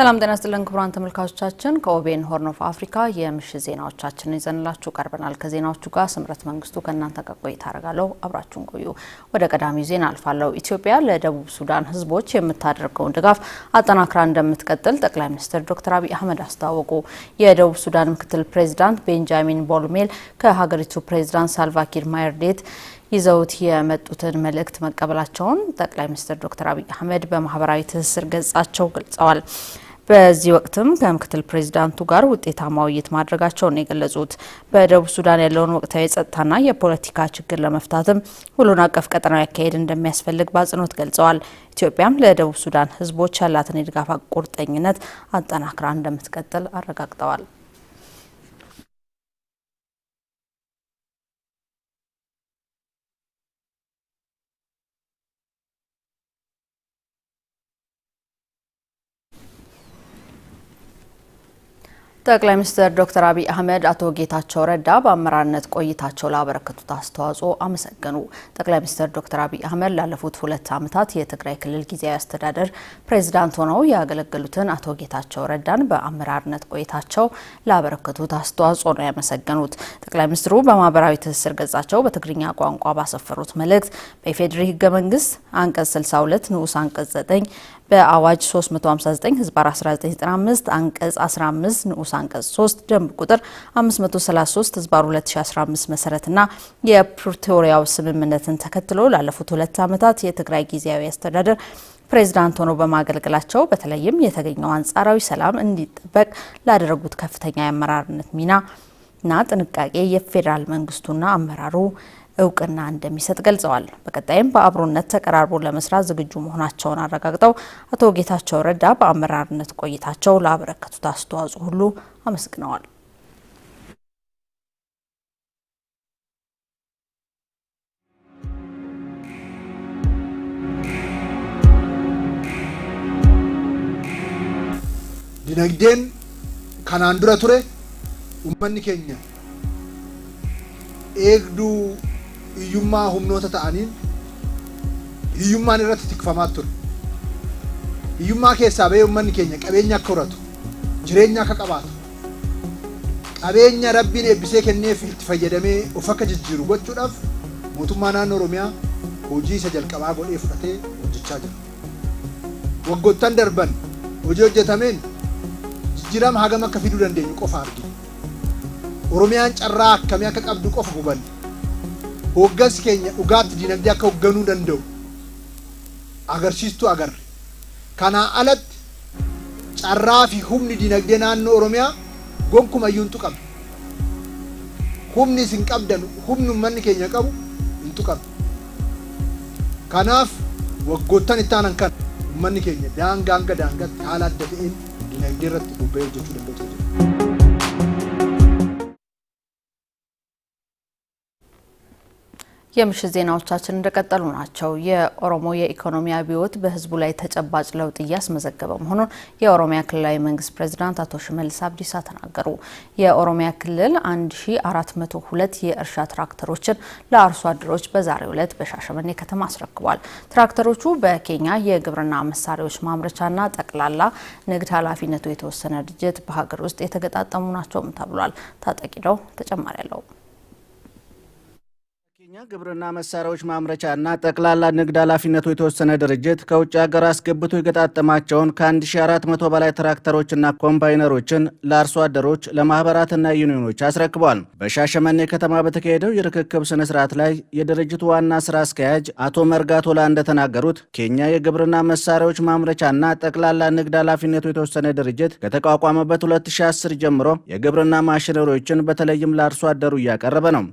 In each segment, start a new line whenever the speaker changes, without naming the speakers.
ሰላም ጤና ስጥልን ክቡራን ተመልካቾቻችን፣ ከኦቤን ሆርን ኦፍ አፍሪካ የምሽት ዜናዎቻችንን ይዘንላችሁ ቀርበናል። ከዜናዎቹ ጋር ስምረት መንግስቱ ከእናንተ ጋር ቆይታ አደርጋለሁ። አብራችሁን ቆዩ። ወደ ቀዳሚው ዜና አልፋለሁ። ኢትዮጵያ ለደቡብ ሱዳን ህዝቦች የምታደርገውን ድጋፍ አጠናክራ እንደምትቀጥል ጠቅላይ ሚኒስትር ዶክተር አብይ አህመድ አስታወቁ። የደቡብ ሱዳን ምክትል ፕሬዚዳንት ቤንጃሚን ቦልሜል ከሀገሪቱ ፕሬዚዳንት ሳልቫኪር ማየርዴት ይዘውት የመጡትን መልእክት መቀበላቸውን ጠቅላይ ሚኒስትር ዶክተር አብይ አህመድ በማህበራዊ ትስስር ገጻቸው ገልጸዋል። በዚህ ወቅትም ከምክትል ፕሬዚዳንቱ ጋር ውጤታማ ውይይት ማድረጋቸውን የገለጹት በደቡብ ሱዳን ያለውን ወቅታዊ የጸጥታና የፖለቲካ ችግር ለመፍታትም ሁሉን አቀፍ ቀጠናዊ አካሄድ እንደሚያስፈልግ በአጽንኦት ገልጸዋል። ኢትዮጵያም ለደቡብ ሱዳን ሕዝቦች ያላትን የድጋፍ ቁርጠኝነት አጠናክራ እንደምትቀጥል አረጋግጠዋል። ጠቅላይ ሚኒስትር ዶክተር አብይ አህመድ አቶ ጌታቸው ረዳ በአመራርነት ቆይታቸው ላበረከቱት አስተዋጽኦ አመሰገኑ። ጠቅላይ ሚኒስትር ዶክተር አብይ አህመድ ላለፉት ሁለት ዓመታት የትግራይ ክልል ጊዜያዊ አስተዳደር ፕሬዚዳንት ሆነው ያገለገሉትን አቶ ጌታቸው ረዳን በአመራርነት ቆይታቸው ላበረከቱት አስተዋጽኦ ነው ያመሰገኑት። ጠቅላይ ሚኒስትሩ በማህበራዊ ትስስር ገጻቸው በትግርኛ ቋንቋ ባሰፈሩት መልእክት በኢፌዴሪ ህገ መንግስት አንቀጽ 62 ንዑስ አንቀጽ 9 በአዋጅ 359 ህዝብ 1995 አንቀጽ 15 ንዑስ አንቀጽ 3 ደንብ ቁጥር 533 ህዝብ 2015 መሰረትና የፕሪቶሪያው ስምምነትን ተከትሎ ላለፉት ሁለት ዓመታት የትግራይ ጊዜያዊ አስተዳደር ፕሬዚዳንት ሆነው በማገልገላቸው በተለይም የተገኘው አንጻራዊ ሰላም እንዲጠበቅ ላደረጉት ከፍተኛ የአመራርነት ሚና እና ጥንቃቄ የፌዴራል መንግስቱና አመራሩ እውቅና እንደሚሰጥ ገልጸዋል። በቀጣይም በአብሮነት ተቀራርቦ ለመስራት ዝግጁ መሆናቸውን አረጋግጠው አቶ ጌታቸው ረዳ በአመራርነት ቆይታቸው ላበረከቱት አስተዋጽኦ ሁሉ አመስግነዋል።
ዲነግዴን ከናን ቱሬ ኡመኒ ኬኛ ኤግዱ hiyyummaa humnoota ta'aniin hiyyummaan irratti tikfamaa ture. Hiyyummaa keessaa bahee uummanni keenya qabeenya akka horatu, jireenya akka qabaatu, qabeenya rabbiin eebbisee kenneef itti fayyadamee of akka jijjiiru gochuudhaaf mootummaa naannoo Oromiyaa hojii isa jalqabaa godhee fudhatee hojjechaa jira. Waggoottan darban hojii hojjetameen jijjiirama hagam akka fiduu dandeenyu qofa argina. Oromiyaan carraa akkamii akka qabdu qofa hubanne. hooggansi keenya dhugaatti dinagdee akka hoogganuu danda'u agarsiistuu agarre. Kanaa alatti carraa fi humni dinagdee naannoo Oromiyaa gonkuma iyyuu qabdu. Humni isin qabdan humni uummanni keenya qabu hin qabdu. Kanaaf waggoottan itti aanan kana uummanni keenya daangaa hanga daangaatti haala adda ta'een dinagdee irratti bobba'ee hojjechuu danda'u.
የምሽት ዜናዎቻችን እንደቀጠሉ ናቸው። የኦሮሞ የኢኮኖሚ አብዮት በህዝቡ ላይ ተጨባጭ ለውጥ እያስመዘገበ መሆኑን የኦሮሚያ ክልላዊ መንግስት ፕሬዚዳንት አቶ ሽመልስ አብዲሳ ተናገሩ። የኦሮሚያ ክልል 1402 የእርሻ ትራክተሮችን ለአርሶ አደሮች በዛሬው ዕለት በሻሸመኔ ከተማ አስረክቧል። ትራክተሮቹ በኬንያ የግብርና መሳሪያዎች ማምረቻና ጠቅላላ ንግድ ኃላፊነቱ የተወሰነ ድርጅት በሀገር ውስጥ የተገጣጠሙ ናቸውም ተብሏል። ነው ተጨማሪ አለው
አንደኛ ግብርና መሳሪያዎች ማምረቻና ጠቅላላ ንግድ ኃላፊነቱ የተወሰነ ድርጅት ከውጭ ሀገር አስገብቶ የገጣጠማቸውን ከ1400 በላይ ትራክተሮችና ኮምባይነሮችን ለአርሶ አደሮች ለማህበራትና ዩኒዮኖች አስረክቧል። በሻሸመኔ ከተማ በተካሄደው የርክክብ ስነ ስርዓት ላይ የድርጅቱ ዋና ስራ አስኪያጅ አቶ መርጋቶላ እንደተናገሩት ኬንያ የግብርና መሳሪያዎች ማምረቻና ጠቅላላ ንግድ ኃላፊነቱ የተወሰነ ድርጅት ከተቋቋመበት 2010 ጀምሮ የግብርና ማሽነሪዎችን በተለይም ለአርሶ አደሩ እያቀረበ ነው።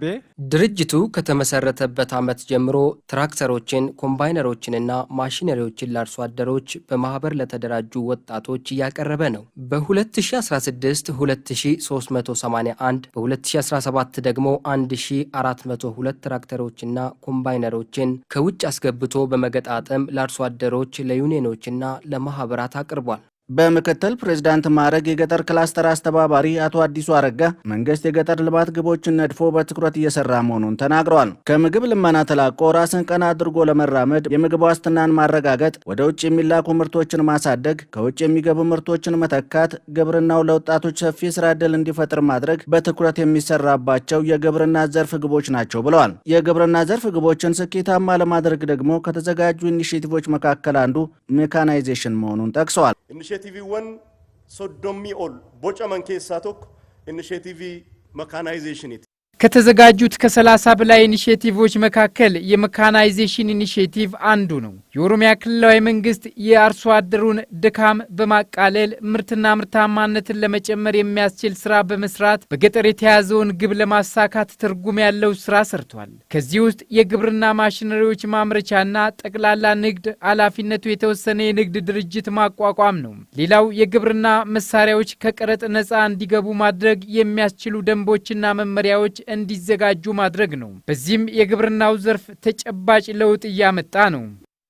እሳቤ
ድርጅቱ ከተመሰረተበት ዓመት ጀምሮ ትራክተሮችን፣ ኮምባይነሮችንና ማሽነሪዎችን ለአርሶ አደሮች በማህበር ለተደራጁ ወጣቶች እያቀረበ ነው። በ2016 2381፣ በ2017 ደግሞ 1402 ትራክተሮችና ኮምባይነሮችን ከውጭ አስገብቶ በመገጣጠም ለአርሶ አደሮች፣ ለዩኒየኖችና ለማህበራት አቅርቧል።
በምክትል ፕሬዝዳንት ማዕረግ የገጠር ክላስተር አስተባባሪ አቶ አዲሱ አረጋ መንግስት የገጠር ልማት ግቦችን ነድፎ በትኩረት እየሰራ መሆኑን ተናግረዋል። ከምግብ ልመና ተላቆ ራስን ቀና አድርጎ ለመራመድ የምግብ ዋስትናን ማረጋገጥ፣ ወደ ውጭ የሚላኩ ምርቶችን ማሳደግ፣ ከውጭ የሚገቡ ምርቶችን መተካት፣ ግብርናው ለወጣቶች ሰፊ ስራ ዕድል እንዲፈጥር ማድረግ በትኩረት የሚሰራባቸው የግብርና ዘርፍ ግቦች ናቸው ብለዋል። የግብርና ዘርፍ ግቦችን ስኬታማ ለማድረግ ደግሞ ከተዘጋጁ ኢኒሽቲቮች መካከል አንዱ ሜካናይዜሽን መሆኑን ጠቅሰዋል።
ኢኒሽቲቭዎን ሶዶሚ ኦል ቦጨመን ኬሳ መካናይዜሽን
ከተዘጋጁት ከ30 በላይ ኢኒሽቲቮች መካከል የመካናይዜሽን ኢኒሽቲቭ አንዱ ነው። የኦሮሚያ ክልላዊ መንግስት የአርሶ አደሩን ድካም በማቃለል ምርትና ምርታማነትን ለመጨመር የሚያስችል ስራ በመስራት በገጠር የተያዘውን ግብ ለማሳካት ትርጉም ያለው ስራ ሰርቷል። ከዚህ ውስጥ የግብርና ማሽነሪዎች ማምረቻና ጠቅላላ ንግድ ኃላፊነቱ የተወሰነ የንግድ ድርጅት ማቋቋም ነው። ሌላው የግብርና መሳሪያዎች ከቀረጥ ነፃ እንዲገቡ ማድረግ የሚያስችሉ ደንቦችና መመሪያዎች እንዲዘጋጁ ማድረግ ነው። በዚህም የግብርናው ዘርፍ ተጨባጭ ለውጥ እያመጣ ነው።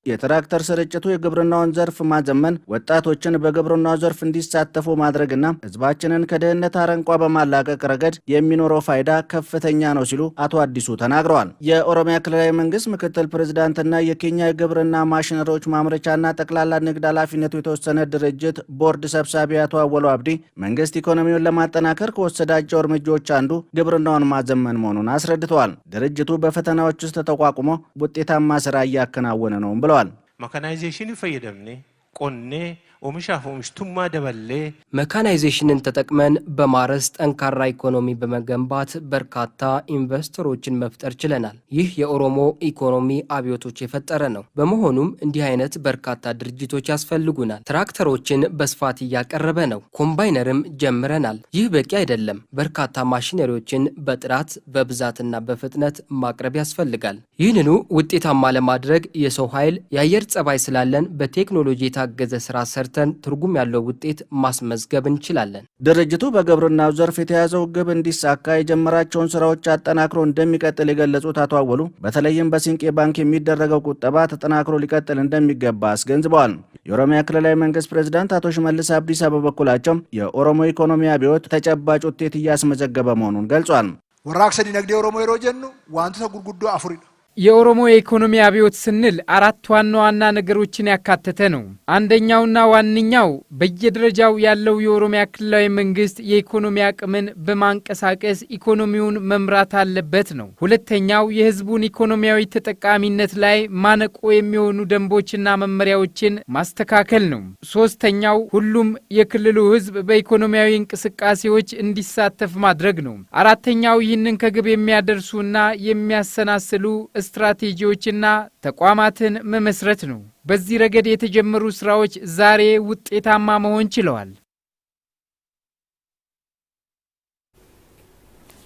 የትራክተር ስርጭቱ የግብርናውን ዘርፍ ማዘመን፣ ወጣቶችን በግብርናው ዘርፍ እንዲሳተፉ ማድረግና ህዝባችንን ከድህነት አረንቋ በማላቀቅ ረገድ የሚኖረው ፋይዳ ከፍተኛ ነው ሲሉ አቶ አዲሱ ተናግረዋል። የኦሮሚያ ክልላዊ መንግስት ምክትል ፕሬዚዳንትና የኬንያ የግብርና ማሽነሪዎች ማምረቻና ጠቅላላ ንግድ ኃላፊነቱ የተወሰነ ድርጅት ቦርድ ሰብሳቢ አቶ አወሎ አብዲ መንግስት ኢኮኖሚውን ለማጠናከር ከወሰዳቸው እርምጃዎች አንዱ ግብርናውን ማዘመን መሆኑን አስረድተዋል። ድርጅቱ በፈተናዎች ውስጥ ተቋቁሞ ውጤታማ ስራ እያከናወነ ነው
qonnaa jennaan akka faayidaa hedduu ኦሚሻፍ ቱማ ደበሌ
መካናይዜሽንን ተጠቅመን በማረስ ጠንካራ ኢኮኖሚ በመገንባት በርካታ ኢንቨስተሮችን መፍጠር ችለናል። ይህ የኦሮሞ ኢኮኖሚ አብዮቶች የፈጠረ ነው። በመሆኑም እንዲህ አይነት በርካታ ድርጅቶች ያስፈልጉናል። ትራክተሮችን በስፋት እያቀረበ ነው። ኮምባይነርም ጀምረናል። ይህ በቂ አይደለም። በርካታ ማሽነሪዎችን በጥራት በብዛትና በፍጥነት ማቅረብ ያስፈልጋል። ይህንኑ ውጤታማ ለማድረግ የሰው ኃይል፣ የአየር ጸባይ ስላለን በቴክኖሎጂ የታገዘ ስራ ሰርተ ገብተን ትርጉም ያለው ውጤት ማስመዝገብ እንችላለን።
ድርጅቱ በግብርናው ዘርፍ የተያዘው ግብ እንዲሳካ የጀመራቸውን ስራዎች አጠናክሮ እንደሚቀጥል የገለጹት አቶ አወሉ በተለይም በሲንቄ ባንክ የሚደረገው ቁጠባ ተጠናክሮ ሊቀጥል እንደሚገባ አስገንዝበዋል። የኦሮሚያ ክልላዊ መንግስት ፕሬዚዳንት አቶ ሽመልስ አብዲሳ በበኩላቸው የኦሮሞ ኢኮኖሚ አብዮት ተጨባጭ ውጤት እያስመዘገበ መሆኑን ገልጿል።
ወራክሰ ዲነግዴ ኦሮሞ የሮጀኑ ዋንቱ ጉርጉዶ አፉሪዳ
የኦሮሞ የኢኮኖሚ አብዮት ስንል አራት ዋና ዋና ነገሮችን ያካተተ ነው። አንደኛውና ዋነኛው በየደረጃው ያለው የኦሮሚያ ክልላዊ መንግስት የኢኮኖሚ አቅምን በማንቀሳቀስ ኢኮኖሚውን መምራት አለበት ነው። ሁለተኛው የህዝቡን ኢኮኖሚያዊ ተጠቃሚነት ላይ ማነቆ የሚሆኑ ደንቦችና መመሪያዎችን ማስተካከል ነው። ሶስተኛው ሁሉም የክልሉ ህዝብ በኢኮኖሚያዊ እንቅስቃሴዎች እንዲሳተፍ ማድረግ ነው። አራተኛው ይህንን ከግብ የሚያደርሱና የሚያሰናስሉ ስትራቴጂዎችና ተቋማትን መመስረት ነው። በዚህ ረገድ የተጀመሩ ስራዎች ዛሬ ውጤታማ መሆን ችለዋል።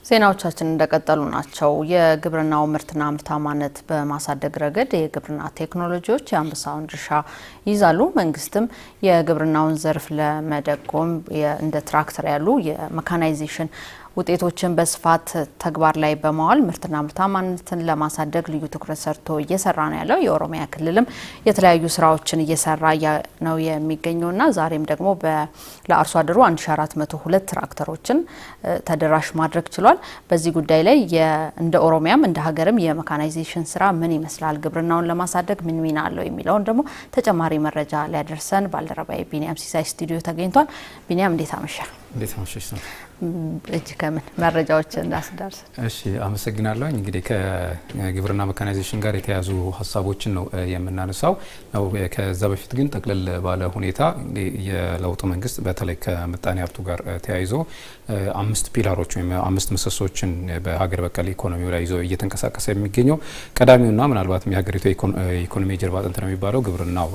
ዜናዎቻችን እንደቀጠሉ ናቸው። የግብርናው ምርትና ምርታማነት በማሳደግ ረገድ የግብርና ቴክኖሎጂዎች የአንበሳውን ድርሻ ይይዛሉ። መንግስትም የግብርናውን ዘርፍ ለመደጎም እንደ ትራክተር ያሉ የመካናይዜሽን ውጤቶችን በስፋት ተግባር ላይ በማዋል ምርትና ምርታማነትን ለማሳደግ ልዩ ትኩረት ሰርቶ እየሰራ ነው ያለው። የኦሮሚያ ክልልም የተለያዩ ስራዎችን እየሰራ ነው የሚገኘውና ዛሬም ደግሞ ለአርሶ አደሩ 1402 ትራክተሮችን ተደራሽ ማድረግ ችሏል። በዚህ ጉዳይ ላይ እንደ ኦሮሚያም እንደ ሀገርም የመካናይዜሽን ስራ ምን ይመስላል፣ ግብርናውን ለማሳደግ ምን ሚና አለው የሚለውን ደግሞ ተጨማሪ መረጃ ሊያደርሰን ባልደረባዊ ቢኒያም ሲሳይ ስቱዲዮ ተገኝቷል። ቢኒያም እንዴት አመሻ? እጅ ከምን መረጃዎች እንዳስደርስ።
እሺ አመሰግናለሁ። እንግዲህ ከግብርና መካናይዜሽን ጋር የተያዙ ሀሳቦችን ነው የምናነሳው ነው። ከዛ በፊት ግን ጠቅለል ባለ ሁኔታ የለውጡ መንግስት በተለይ ከምጣኔ ሀብቱ ጋር ተያይዞ አምስት ፒላሮች ወይም አምስት ምሰሶችን በሀገር በቀል ኢኮኖሚው ላይ ይዞ እየተንቀሳቀሰ የሚገኘው ቀዳሚውና ምናልባትም የሀገሪቱ ኢኮኖሚ ጀርባ አጥንት ነው የሚባለው ግብርናው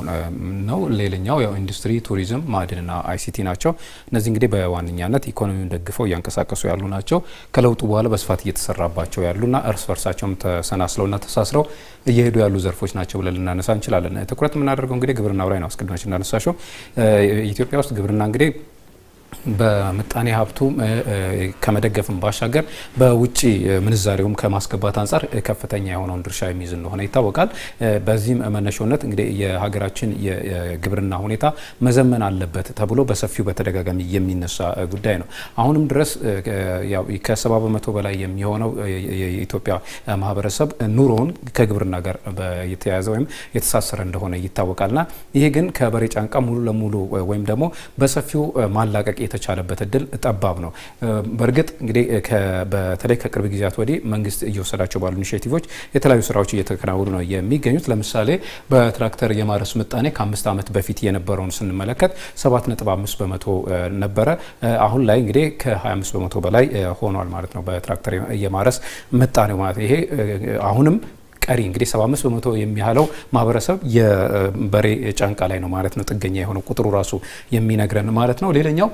ነው። ሌላኛው ኢንዱስትሪ፣ ቱሪዝም፣ ማዕድንና አይሲቲ ናቸው። እነዚህ እንግዲህ በዋነኛነት ኢኮኖሚውን ደግ ደግፈው እያንቀሳቀሱ ያሉ ናቸው። ከለውጡ በኋላ በስፋት እየተሰራባቸው ያሉና እርስ በርሳቸውም ተሰናስለውና ተሳስረው እየሄዱ ያሉ ዘርፎች ናቸው ብለን ልናነሳ እንችላለን። ትኩረት የምናደርገው እንግዲህ ግብርናው ላይ ነው። አስቀድመሽ እንዳነሳሽው ኢትዮጵያ ውስጥ ግብርና እንግዲህ በምጣኔ ሀብቱ ከመደገፍም ባሻገር በውጭ ምንዛሬውም ከማስገባት አንጻር ከፍተኛ የሆነውን ድርሻ የሚይዝ እንደሆነ ይታወቃል። በዚህም መነሾነት እንግዲህ የሀገራችን የግብርና ሁኔታ መዘመን አለበት ተብሎ በሰፊው በተደጋጋሚ የሚነሳ ጉዳይ ነው። አሁንም ድረስ ከሰባ በመቶ በላይ የሚሆነው የኢትዮጵያ ማህበረሰብ ኑሮውን ከግብርና ጋር የተያያዘ ወይም የተሳሰረ እንደሆነ ይታወቃልና ይሄ ግን ከበሬ ጫንቃ ሙሉ ለሙሉ ወይም ደግሞ በሰፊው ማላቀቅ የተቻለበት እድል ጠባብ ነው። በእርግጥ እንግዲህ በተለይ ከቅርብ ጊዜያት ወዲህ መንግስት እየወሰዳቸው ባሉ ኢኒሽቲቮች የተለያዩ ስራዎች እየተከናወኑ ነው የሚገኙት። ለምሳሌ በትራክተር የማረስ ምጣኔ ከአምስት ዓመት በፊት የነበረውን ስንመለከት 7.5 በመቶ ነበረ። አሁን ላይ እንግዲህ ከ25 በመቶ በላይ ሆኗል ማለት ነው በትራክተር የማረስ ምጣኔው ማለት ይሄ አሁንም ቀሪ እንግዲህ 75 በመቶ የሚያህለው ማህበረሰብ የበሬ ጫንቃ ላይ ነው ማለት ነው ጥገኛ የሆነው ቁጥሩ ራሱ የሚነግረን ማለት ነው። ሌላኛው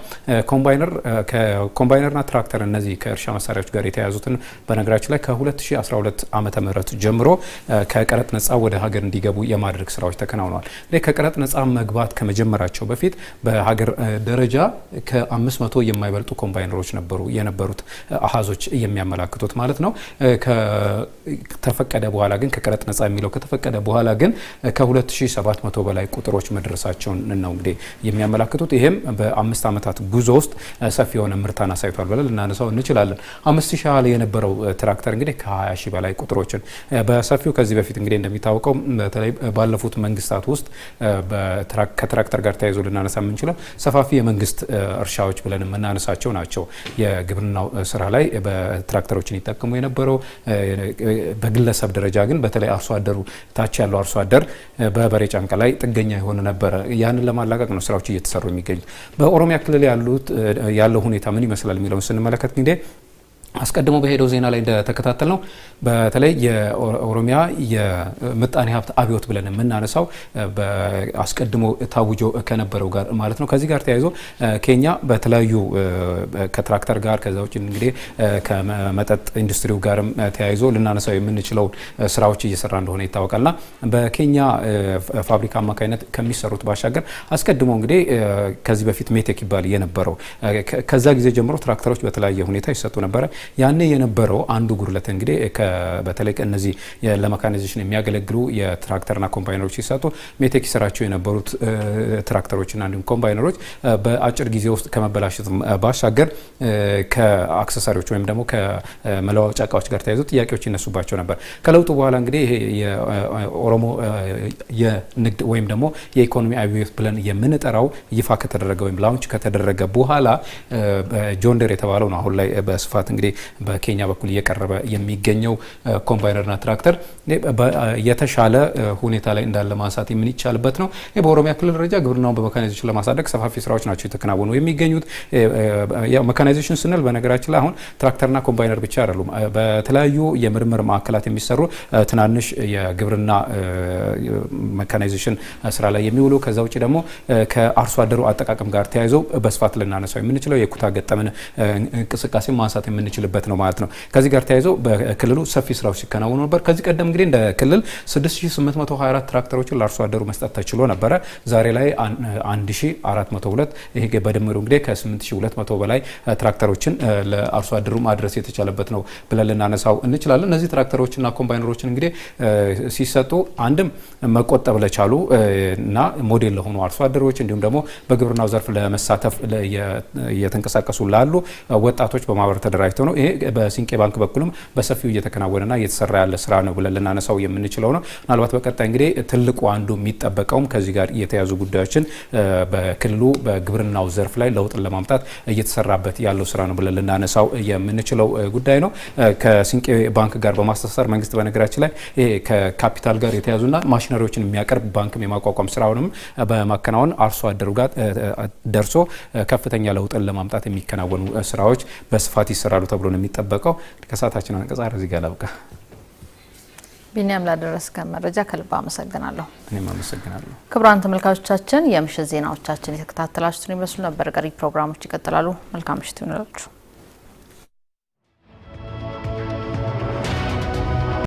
ኮምባይነር ከኮምባይነርና ትራክተር እነዚህ ከእርሻ መሳሪያዎች ጋር የተያያዙትን በነገራችን ላይ ከ2012 ዓመተ ምህረት ጀምሮ ከቀረጥ ነጻ ወደ ሀገር እንዲገቡ የማድረግ ስራዎች ተከናውነዋል። ከቀረጥ ነጻ መግባት ከመጀመራቸው በፊት በሀገር ደረጃ ከ500 የማይበልጡ ኮምባይነሮች ነበሩ የነበሩት አሃዞች የሚያመላክቱት ማለት ነው። ከተፈቀደ በኋላ ግን ከቀረጥ ነጻ የሚለው ከተፈቀደ በኋላ ግን ከ2700 በላይ ቁጥሮች መድረሳቸውን ነው እንግዲህ የሚያመላክቱት። ይህም በአምስት ዓመታት ጉዞ ውስጥ ሰፊ የሆነ ምርታን አሳይቷል ብለን ልናነሳው እንችላለን። አምስት ሺህ ያህል የነበረው ትራክተር እንግዲህ ከ20 ሺህ በላይ ቁጥሮችን በሰፊው ከዚህ በፊት እንግዲህ እንደሚታወቀው በተለይ ባለፉት መንግስታት ውስጥ ከትራክተር ጋር ተያይዞ ልናነሳ የምንችለው ሰፋፊ የመንግስት እርሻዎች ብለን የምናነሳቸው ናቸው። የግብርናው ስራ ላይ በትራክተሮችን ይጠቀሙ የነበረው በግለሰብ ደረጃ ግን ግን በተለይ አርሶ አደሩ ታች ያለው አርሶ አደር በበሬ ጫንቃ ላይ ጥገኛ የሆነ ነበረ። ያንን ለማላቀቅ ነው ስራዎች እየተሰሩ የሚገኙት። በኦሮሚያ ክልል ያለው ሁኔታ ምን ይመስላል የሚለውን ስንመለከት እንግዲህ አስቀድሞ በሄደው ዜና ላይ እንደተከታተል ነው በተለይ የኦሮሚያ የምጣኔ ሀብት አብዮት ብለን የምናነሳው አስቀድሞ ታውጆ ከነበረው ጋር ማለት ነው። ከዚህ ጋር ተያይዞ ኬንያ በተለያዩ ከትራክተር ጋር ከዛ ውጭ እንግዲህ ከመጠጥ ኢንዱስትሪው ጋርም ተያይዞ ልናነሳው የምንችለውን ስራዎች እየሰራ እንደሆነ ይታወቃል ና በኬንያ ፋብሪካ አማካኝነት ከሚሰሩት ባሻገር አስቀድሞ እንግዲህ ከዚህ በፊት ሜቴክ ይባል የነበረው ከዛ ጊዜ ጀምሮ ትራክተሮች በተለያየ ሁኔታ ይሰጡ ነበረ። ያኔ የነበረው አንዱ ጉድለት እንግዲህ በተለይ እነዚህ ለመካናይዜሽን የሚያገለግሉ የትራክተርና ኮምባይነሮች ሲሰጡ ሜቴክ ይሰራቸው የነበሩት ትራክተሮችና እንዲሁም ኮምባይነሮች በአጭር ጊዜ ውስጥ ከመበላሸት ባሻገር ከአክሰሳሪዎች ወይም ደግሞ ከመለዋወጫ እቃዎች ጋር ተያይዞ ጥያቄዎች ይነሱባቸው ነበር። ከለውጡ በኋላ እንግዲህ ይሄ የኦሮሞ የንግድ ወይም ደግሞ የኢኮኖሚ አብዮት ብለን የምንጠራው ይፋ ከተደረገ ወይም ላውንች ከተደረገ በኋላ ጆንደር የተባለው ነው አሁን ላይ በስፋት እንግዲህ በኬንያ በኩል እየቀረበ የሚገኘው ኮምባይነርና ትራክተር የተሻለ ሁኔታ ላይ እንዳለ ማንሳት የምንቻልበት ነው። በኦሮሚያ ክልል ደረጃ ግብርናውን በመካናይዜሽን ለማሳደግ ሰፋፊ ስራዎች ናቸው የተከናወኑ የሚገኙት። መካናይዜሽን ስንል በነገራችን ላይ አሁን ትራክተርና ኮምባይነር ብቻ አይደሉም። በተለያዩ የምርምር ማዕከላት የሚሰሩ ትናንሽ የግብርና መካናይዜሽን ስራ ላይ የሚውሉ ከዛ ውጭ ደግሞ ከአርሶ አደሩ አጠቃቀም ጋር ተያይዘው በስፋት ልናነሳው የምንችለው የኩታ ገጠምን እንቅስቃሴ ማንሳት የምንችለው የሚችልበት ነው ማለት ነው። ከዚህ ጋር ተያይዞ በክልሉ ሰፊ ስራዎች ሲከናወኑ ነበር። ከዚህ ቀደም እንግዲህ እንደ ክልል 6824 ትራክተሮችን ለአርሶ አደሩ መስጠት ተችሎ ነበረ። ዛሬ ላይ 1402 ይሄ በድምሩ እንግዲህ ከ8200 በላይ ትራክተሮችን ለአርሶ አደሩ ማድረስ የተቻለበት ነው ብለን ልናነሳው እንችላለን። እነዚህ ትራክተሮችና ኮምባይነሮችን እንግዲህ ሲሰጡ አንድም መቆጠብ ለቻሉ እና ሞዴል ለሆኑ አርሶ አደሮች እንዲሁም ደግሞ በግብርናው ዘርፍ ለመሳተፍ እየተንቀሳቀሱ ላሉ ወጣቶች በማህበር ተደራጅተው ነው። ይሄ በሲንቄ ባንክ በኩልም በሰፊው እየተከናወነና እየተሰራ ያለ ስራ ነው ብለን ልናነሳው የምንችለው ነው። ምናልባት በቀጣይ እንግዲህ ትልቁ አንዱ የሚጠበቀውም ከዚህ ጋር የተያዙ ጉዳዮችን በክልሉ በግብርናው ዘርፍ ላይ ለውጥን ለማምጣት እየተሰራበት ያለው ስራ ነው ብለን ልናነሳው የምንችለው ጉዳይ ነው። ከሲንቄ ባንክ ጋር በማስተሳሰር መንግስት በነገራችን ላይ ከካፒታል ጋር የተያዙና ማሽነሪዎችን የሚያቀርብ ባንክም የማቋቋም ስራውንም በማከናወን አርሶ አደሩ ጋር ደርሶ ከፍተኛ ለውጥን ለማምጣት የሚከናወኑ ስራዎች በስፋት ይሰራሉ። ተብሎ ነው የሚጠበቀው። ከሰዓታችን አንቀጻር እዚህ ጋር ላብቃ።
ቢኒያም ላደረስከን መረጃ ከልብ አመሰግናለሁ።
እኔም አመሰግናለሁ።
ክቡራን ተመልካቾቻችን የምሽት ዜናዎቻችን የተከታተላችሁትን ይመስሉ ነበር። ቀሪ ፕሮግራሞች ይቀጥላሉ። መልካም ምሽት ይሆንላችሁ።